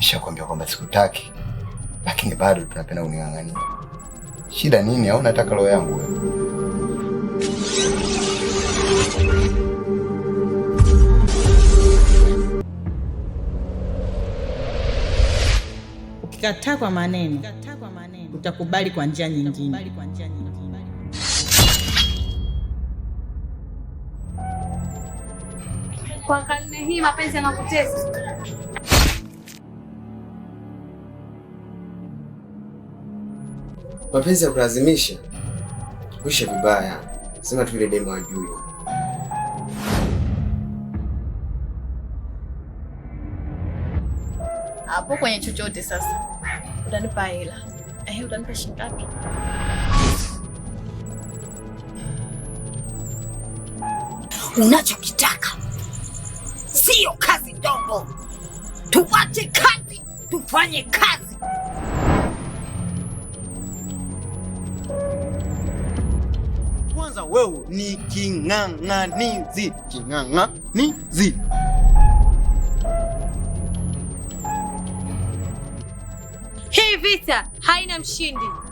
Nishakwambia kwamba sikutaki, lakini bado tunapenda kuning'ang'ania. Shida nini? Au nataka roho yangu wewe? Ukikataa kwa maneno utakubali kwa njia nyingine. Kwa karne hii mapenzi yanakutesa. Mapenzi ya kulazimisha kuisha vibaya, sema tu ile demo ajui. Hapo kwenye chochote sasa, utanipa hela eh, utanipa shilingi ngapi? Unachokitaka sio kazi ndogo, tuwache kazi tufanye kazi. kwanza wewe ni king'ang'anizi, king'ang'anizi. Hii vita haina mshindi.